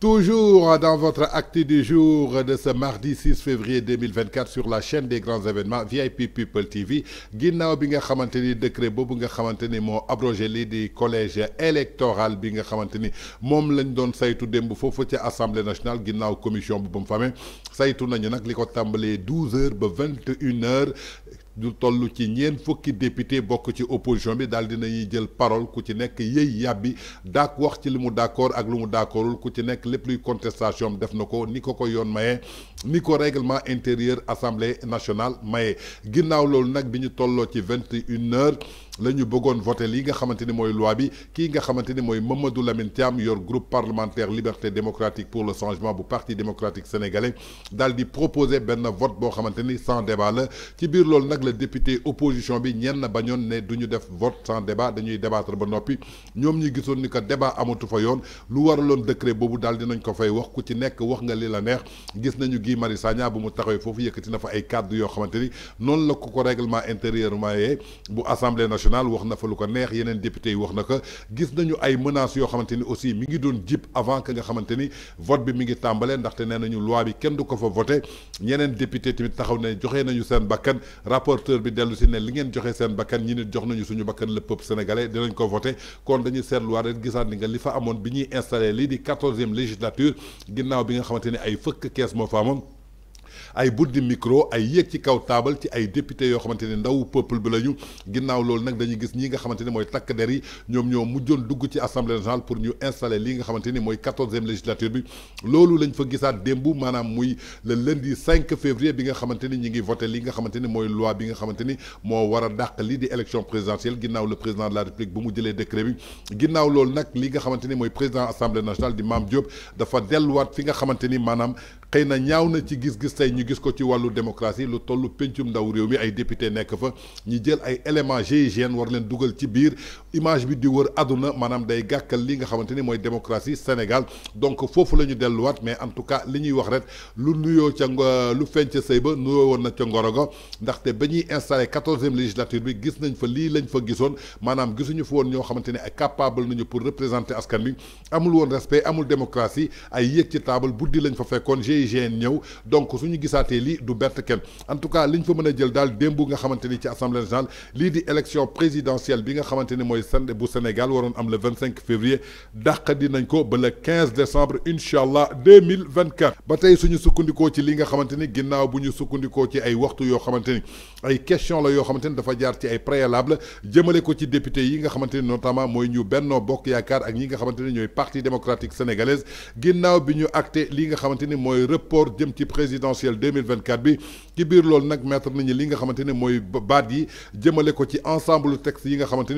Toujours dans votre acte du jour de ce mardi 6 février 2024 sur la chaîne des grands événements VIP People TV ginnaaw bi nga xamante décret boobu nga xamante abrogé les collèges collège binga bi nga xamante ni moom lañ doon saytu ci assemblée nationale ginnaaw commission bu ba mu famee saytu nañu nag li 12 h ba 21 h du toll ci ñeent fukki député bokk ci opposition bi daal dinañuy jël parole ku ci nekk yëy yàbbi daak wax ci li mu d'accord ak lu mu d'accordul ku ci nekk lépp luy contestation def na ko ni ko ko yoon maye ni ko règlement intérieur assemblée nationale maye ginnaw loolu nak biñu tollo ci 21 et lañu heures voter li nga xamanteni moy loi bi ki nga xamanteni moy Mamadou Lamine Thiam yor groupe parlementaire liberté démocratique pour le changement bu parti démocratique sénégalais daal proposer ben vote bo xamanteni sans débat la ci biir loolu nak le député opposition bi ñen bañon ne duñu des def vote sans débat dañuy débattre ba nopi ñom ñi gisoon ni que débat amatu fa yoon lu waralon décret boobu daal nañ ko fay wax ku ci nekk wax nga li la neex gis nañu Guy Marius bu mu taxawee foofu yëkkati na fa ay cadres yo xamanteni non la ko ko règlement intérieur maye bu assemblée nationale wax na fa lu ko neex yenen député yi wax na ko gis nañu ay menaces yo xamanteni aussi mi ngi doon jip avant que nga xamanteni vote bi mi ngi tambalé ndax té nañu loi bi kenn du ko fa voter yenen député tamit taxaw ne joxé nañu seen bakkan rapporteur bi delu ci né li ngeen joxé seen bakkan ñi nit jox nañu suñu bakkan le peuple sénégalais dinañ ko voté kon dañuy seetluwaat rek gisaat ni nga li fa amone bi ñi installé li di e législature ginnaw bi nga xamanteni ay fëkk caisse mo fa ay buddi micro ay yéeg ci kaw table ci ay député yo xamanteni ndaw peuple bi lañu ginnaw lool n'ak dañuy gis ñi nga xamanteni moy mooy takk der yi ñoom ñoo mujjoon dugg ci assemblée nationale pour ñu installer li nga xamante ni quatorzième législature bi loolu lañ fa gisaat dembu manam muy le lundi 5 février bi nga xamanteni ñi ngi voter li nga xamanteni moy loi bi nga xamanteni mo wara war li di élection présidentielle ginnaw le président de la république bu mu jëlee décret bi ginnaw lool nak li nga xamanteni moy président assemblée nationale di mam Diop dafa delluwaat fi nga xamanteni manam. xëy na ñaaw na ci gis-gis tey ñu gis ko ci wàllu démocratie lu tollu pencum ndaw réew mi ay député nekk fa ñu jël ay éléments GIGN war leen dugal ci biir image bi di wër àdduna maanaam day gàkkal li nga xamante ni mooy démocratie Sénégal donc foofu la ñu delluwaat mais en tout cas li ñuy wax rek lu nuyoo ca lu feeñ ca sëy ba nuyoo woon na ca ngoro ngorogo ndaxte ba ñuy installé quatorzième législature bi gis nañ fa lii lañ fa gisoon maanaam gisuñu fa woon ñoo xamante ne capable nañu pour représenter askan bi amul woon respect amul démocratie ay yéeg ci table buddi lañ fa fekkoon GIGN ñëw donc suñu gisaatee li du bett ken en tout cas liñ fa mëna jël dal dembu nga xamanteni ci assemblée générale li di élection présidentielle bi nga xamanteni moy sande bu Sénégal waroon am le 25 février février di nañ ko ba le 15 décembre inshallah 2024. batay suñu sukkundiko ci li nga xamanteni ginnaw buñu sukkundiko ci ay waxtu yo xamanteni ay question la yo xamanteni dafa jaar ci ay préalable jëmele ko ci député yi nga xamanteni notamment moy ñu Benno Bokk yaakar ak ñi nga xamanteni ñoy parti démocratique sénégalaise ginnaw biñu acté li nga xamanteni moy report port présidentiel présidentielle 2024 bi qui biir loolu mettre nañu li nga xamante de yi ko ci ensemble texte yi nga xamante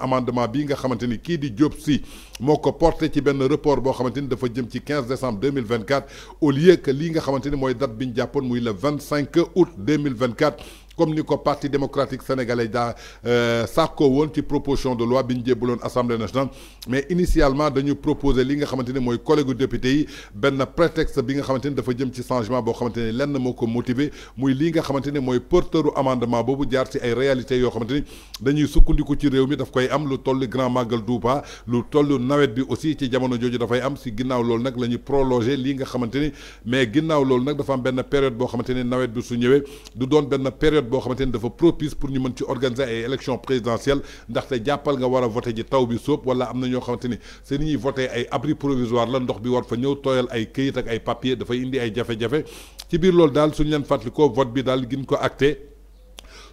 amendement bi nga la qui dit di mon report de de dafa 15 décembre 2024 au lieu que de nga date le 25 août 2024 comme ni ko parti démocratique sénégalais daa euh, sàkkoo woon ci proposition de loi bi ñu assemblée nationale mais initialement dañu proposer li nga xamante ni mooy collègue député yi benn prétexte bi nga xamante ni dafa jëm ci changement boo xamante ni lenn moo ko motiver muy li nga xamante ni mooy porteuru amendement boobu jaar ci ay réalités yoo xamante ni dañuy sukkandiku ci réew mi daf koy am lu toll grand magal d'ouba, lu toll nawet bi aussi ci jamono jooju dafay am si ginnaaw loolu nag la prolonger li nga xamante ni mais ginnaaw loolu nag dafa am benn période boo xamante ni nawet bi su ñëwee du doon benn période période boo xamante dafa propice pour ñu mën ci organiser ay élection présidentielle ndax té jàppal nga wara voter ji taw bi soop wala amna ño ñoo xamante ni seen ñuy ay abri provisoire la ndox bi war fa ñëw toyal ay këyit ak ay papier dafay indi ay jafé jafé ci biir lool dal suñu leen fatlikoo vote bi dal giñ ko acté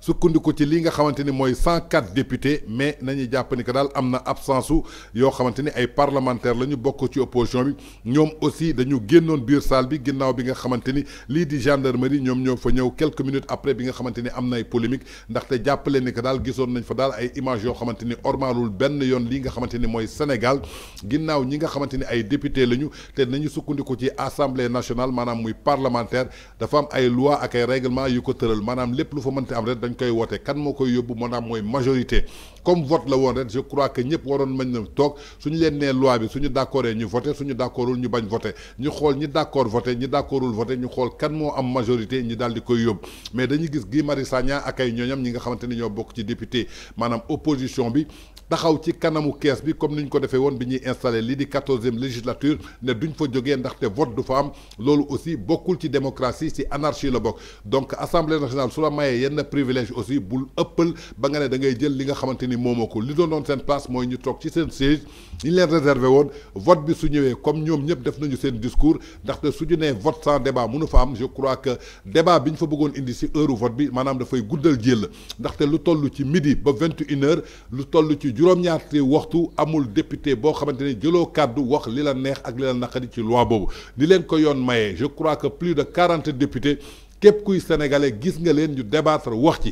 sukkandiku ci li nga xamante ni mooy 104 députés mais nañu jàpp ni que daal am na absence su yoo xamante ni ay parlementaires la ñu bokk ci opposition bi ñoom aussi dañu génnoon biir salle bi ginnaaw bi nga xamante ni lii di gendarmerie ñoom ñoo fa ñëw quelques minutes après bi nga xamante ni am na ay polémique ndaxte jàppale ni que daal gisoon nañ fa daal ay image yoo xamante ni ormaalul benn yoon li nga xamante ni mooy Sénégal ginnaaw ñi nga xamante ni ay députés lañu te nañu sukkandiku ci assemblée nationale maanaam muy parlementaire dafa am ay loi ak ay règlement yu ko tëral maanaam lépp lu fa mënti am rek dañ koy woote kan moo koy yóbbu majorité comme vote la woon je crois que ñep waron mañ na tok suñu leen né loi bi suñu d'accordé ñu voté suñu d'accordul ñu bañ voté ñu xol ñi d'accord voté ñi d'accordul voté ñu xol kan mo am majorité ñi dans di koy yob mais dañuy gis Guy Mari Sagna ak ay ñooñam ñi nga xamanteni ni bok ci député manam opposition bi taxaw ci kanamu caisse bi comme niñ ko défé won bi ñuy installé li di e législature ne duñ fa ndax té vote du fa am lolu aussi bokul ci démocratie ci anarchie le bok donc assemblée nationale su la mayee yenn privilège aussi boule ëppal ba nga ne da ngay jël li nga xamante ni li place moi ñu toog ci seen siège réservé woon vote bi su ñëwee comme nous ñëpp def nañu seen discours ndaxte su ñu nee vote sans débat mënu fa je crois que débat bi ñu fa bëggoon indi si heure vote bi maanaam dafay guddal jël ndaxte lu toll ci midi ba 21h heures lu toll ci juróom-ñaari waxtu amul député bo xamante ni jëloo kàddu wax li la neex ak li la naqari ci loi boobu li leen ko je crois que plus de 40 députés képp kuy sénégalais gis nga leen ñu débattre wax ci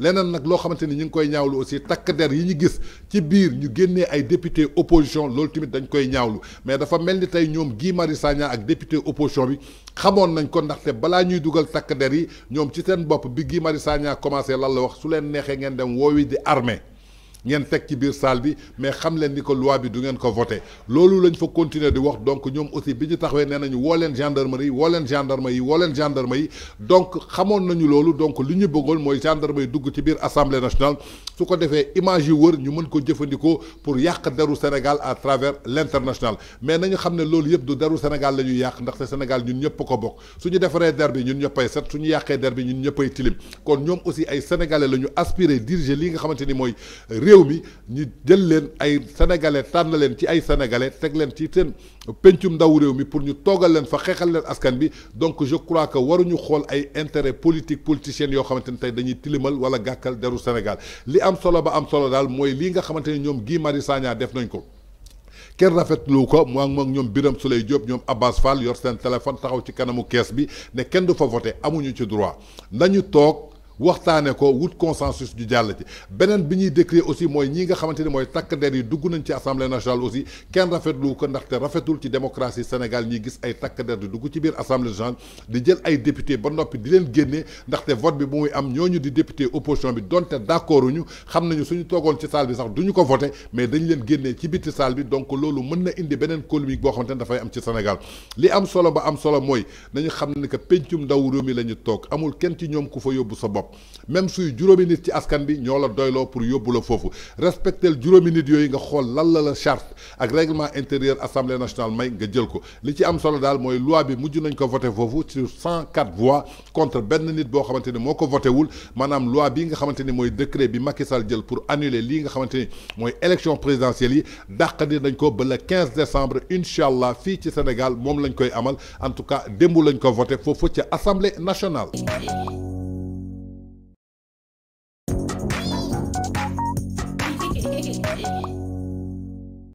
leneen nag loo xamante ni ñu ngi koy ñaawlu aussi takk der yi ñu gis ci biir ñu génnee ay député opposition loolu tamit dañ koy ñaawlu mais dafa mel ni tey ñoom Guy Marius Sagna ak député opposition bi xamoon nañ ko ndaxte balaa ñuy dugal takk der yi ñoom ci seen bopp bi Guy Marius Sagna commencé lan la wax su leen neexee ngeen dem woowi di armée ngeen tek ci biir salle bi mais xam leen ni ko loi bi du ngeen ko voté loolu lañ fa continuer di wax donc ñoom aussi bi ñu taxawee nee nañu woo leen gendarmerie woo leen gendarme yi woo leen gendarme yi donc xamoon nañu loolu donc li ñu bëggoon mooy gendarme yi dugg ci biir assemblée nationale su ko defee image yu wër ñu mën ko jëfandikoo pour yàq deru Sénégal à travers l' international mais nañu xam ne loolu yëpp du deru Sénégal la ñuy yàq ndaxte Sénégal ñun ñëpp ko bokk suñu ñu defaree der bi ñun ñëppay set suñu ñu yàqee der bi ñun ñëppay tilim kon ñoom aussi ay sénégalais la ñu aspiré diriger li nga xamante ni mooy réew mi ñu jël leen ay sénégalais tànn leen ci ay sénégalais teg leen ci seen pencum ndaw réew mi pour ñu toogal leen fa xeexal leen askan bi donc je crois que waruñu xool ay intérêt politique politiciens yoo xamante ni tey dañuy tilimal wala gàkkal deru Sénégal li am solo ba am solo daal mooy lii nga xamante ni ñoom Guy Marius Sagna def nañ ko. kenn rafetlu ko mu ak moom ñoom biram su lay Diop ñoom Abbas Fall yor seen téléphone taxaw ci kanamu kees bi ne kenn du fa amuñu ci droit waxtane ko wut consensus du jàll benen beneen bi décrire aussi moy ñi nga xamanteni moy mooy takk der yi duggu nañ ci assemblée nationale aussi kenn rafetlu ko ndaxte rafetul ci démocratie Sénégal ñi gis ay takk der duggu ci biir assemblée nationale di jël ay député ba nopi di leen génné ndaxte vote bi bu muy am ñoñu di député opposition bi donte d'accord ñu xamnañu suñu toogoon ci salle bi sax duñu ko voter mais dañ leen génné ci biti salle bi donc loolu mën na indi benen polémique bo xamanteni da fay am ci Sénégal li am solo ba am solo moy nañu xam que pencum ndaw réew mi la ñu amul kenn ci ñom ku fa yóbbu sa bopp même suy juróomi nit ci askan bi ñoo la doyloo pour le la foofu le juróomi nit yoy nga xol lan la la charte ak règlement intérieur assemblée nationale may nga jël ko li ci am solo dal moy loi bi mujj nañ ko voter fofu sur 104 voix contre Ben nit bo xamanteni moko voter wul manam loi bi nga xamanteni moy décret bi Macky Sall jël pour annuler li nga xamanteni moy élection présidentielle yi dàqandi nañ ko ba le 15 décembre inshallah fi ci Sénégal mom lañ koy amal en tout cas dembu lañ ko voter fofu ci assemblée nationale.